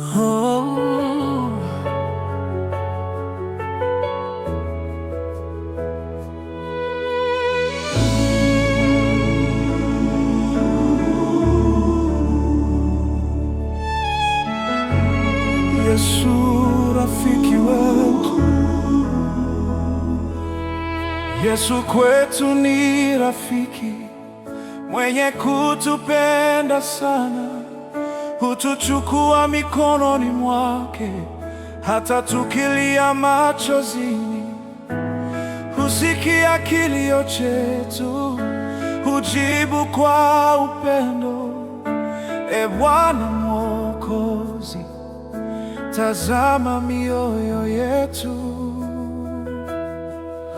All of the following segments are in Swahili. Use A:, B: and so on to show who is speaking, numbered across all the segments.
A: Oh. Yesu, rafiki wetu. Yesu kwetu ni rafiki mwenye kutupenda sana hutuchukua mikononi mwake, hata tukilia machozini husikia kilio chetu, hujibu kwa upendo. E Bwana Mwokozi, tazama mioyo yetu.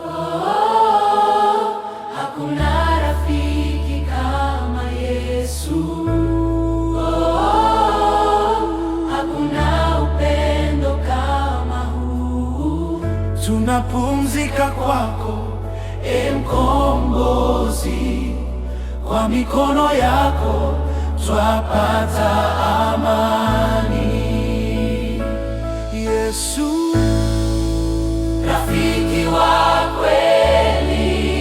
B: Oh, hakuna
A: tunapumzika kwako, e Mkombozi, kwa mikono yako twapata amani. Yesu
B: rafiki wa kweli,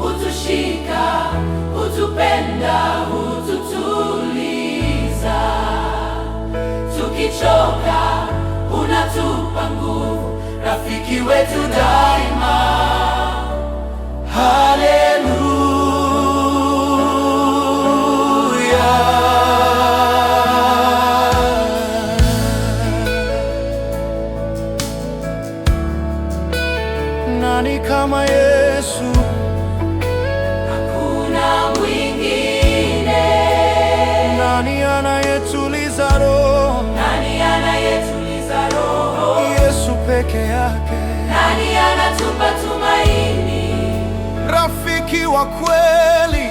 B: hutushika, hutupenda, hututuliza, tukichoka unatupa nguvu rafiki wetu daima. Haleluya!
A: Nani kama Yesu? peke yake.
B: Nani anatupa tumaini?
A: Rafiki wa kweli